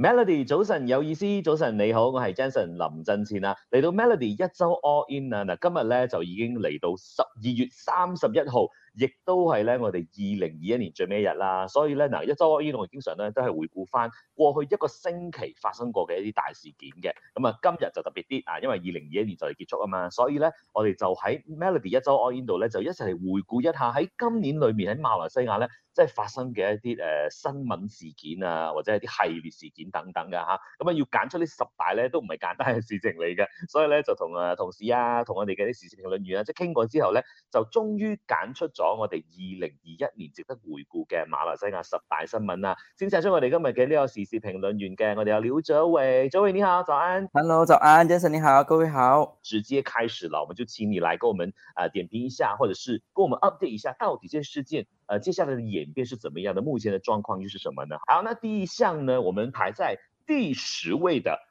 Melody，早晨有意思，早晨你好，我係 Jason 林振前啊。嚟到 Melody 一周 all in 啊，今日呢就已經嚟到十二月三十一號。亦都係咧，我哋二零二一年最尾一日啦，所以咧嗱，一週 All In，我哋經常咧都係回顧翻過去一個星期發生過嘅一啲大事件嘅，咁啊今日就特別啲啊，因為二零二一年就嚟結束啊嘛，所以咧我哋就喺 Melody 一週 All In 度咧就一齊回顧一下喺今年裡面喺馬來西亞咧即係發生嘅一啲誒新聞事件啊，或者係啲系列事件等等嘅嚇，咁啊要揀出呢十大咧都唔係簡單嘅事情嚟嘅，所以咧就同啊同事啊，同我哋嘅啲時事評論員啊，即係傾過之後咧，就終於揀出咗。我哋二零二一年值得回顧嘅馬來西亞十大新聞啦，啊！先請出我哋今日嘅呢個時事評論員嘅，我哋有劉哲偉，早安，你好，早安，Hello，早安，Jason 你好，各位好，直接開始啦，我們就請你來跟我們啊、呃、點評一下，或者是跟我們 update 一下，到底呢件事件，呃，接下來嘅演變是怎麼樣的，目前嘅狀況又是什麼呢？好，那第一項呢，我們排在第十位嘅。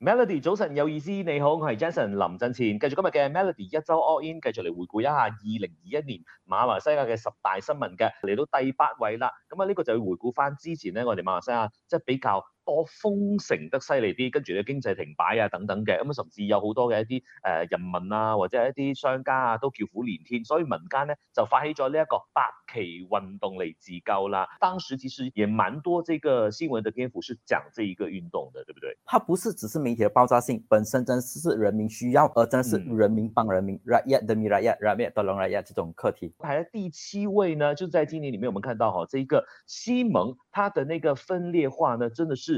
Melody 早晨有意思，你好，我係 Jason 林振前，繼續今日嘅 Melody 一周 all in，繼續嚟回顧一下二零二一年馬來西亞嘅十大新聞嘅，嚟到第八位啦，咁啊呢個就要回顧返之前咧，我哋馬來西亞即係比較。我封城得犀利啲，跟住咧經濟停擺啊等等嘅，咁甚至有好多嘅一啲誒、呃、人民啊或者係一啲商家啊都叫苦連天，所以民間咧就發起咗呢一個白旗運動嚟自救啦。當時其實也蠻多這個新聞的篇幅是講這一個運動嘅，對唔對？它不是只是媒體嘅爆炸性，本身真係是人民需要，而真係人民幫人民，rakyat，人民 rakyat，人民都攞 rakyat 這種課題排喺第七位呢，就在今年裡面，我們看到哈，這一個西盟它的那個分裂化呢，真的是。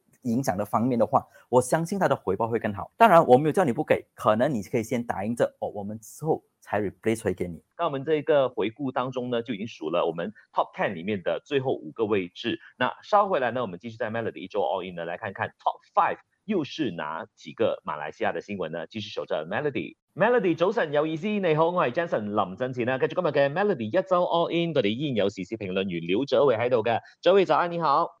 影響的方面的話，我相信他的回報會更好。當然，我沒有叫你不給，可能你可以先答應着哦，我們之後才 replace 回給你。那我們這個回顧當中呢，就已經數了我們 top ten 裏面的最後五個位置。那稍回來呢，我們繼續在 Melody 一周 all in 呢，來看看 top five 又是哪幾個馬來西亞的新聞呢？繼續守着 Melody，Melody 早晨有意思，你好，我係 Jenson 林振前呢跟住今日嘅 Melody 一周 all in，佢哋依有時事評論員劉哲偉喺度嘅，哲偉早安，你好。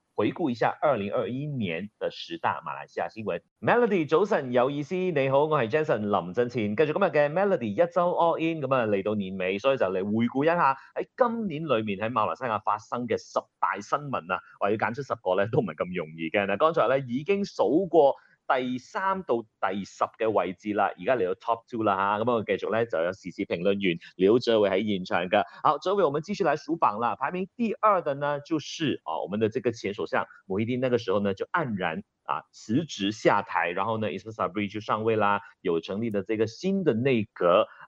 回顧一下二零二一年嘅十大馬來西亞新聞。Melody 早晨有意思，你好，我係 Jason 林振前，繼續今日嘅 Melody 一周 all in 咁啊嚟到年尾，所以就嚟回顧一下喺今年裏面喺馬來西亞發生嘅十大新聞啊，話要揀出十個咧都唔係咁容易嘅。嗱，剛才咧已經數過。第三到第十嘅位置啦，而家嚟到 top two 啦嚇，咁我繼續咧就要 CC 評論員劉俊偉喺現場㗎。好，俊偉，我們繼續嚟數榜啦。排名第二的呢，就是啊、哦，我們的這個前首相我一定那個時候呢就黯然啊辭職下台，然後呢伊 a b r i 就上位啦，有成立的這個新的內閣。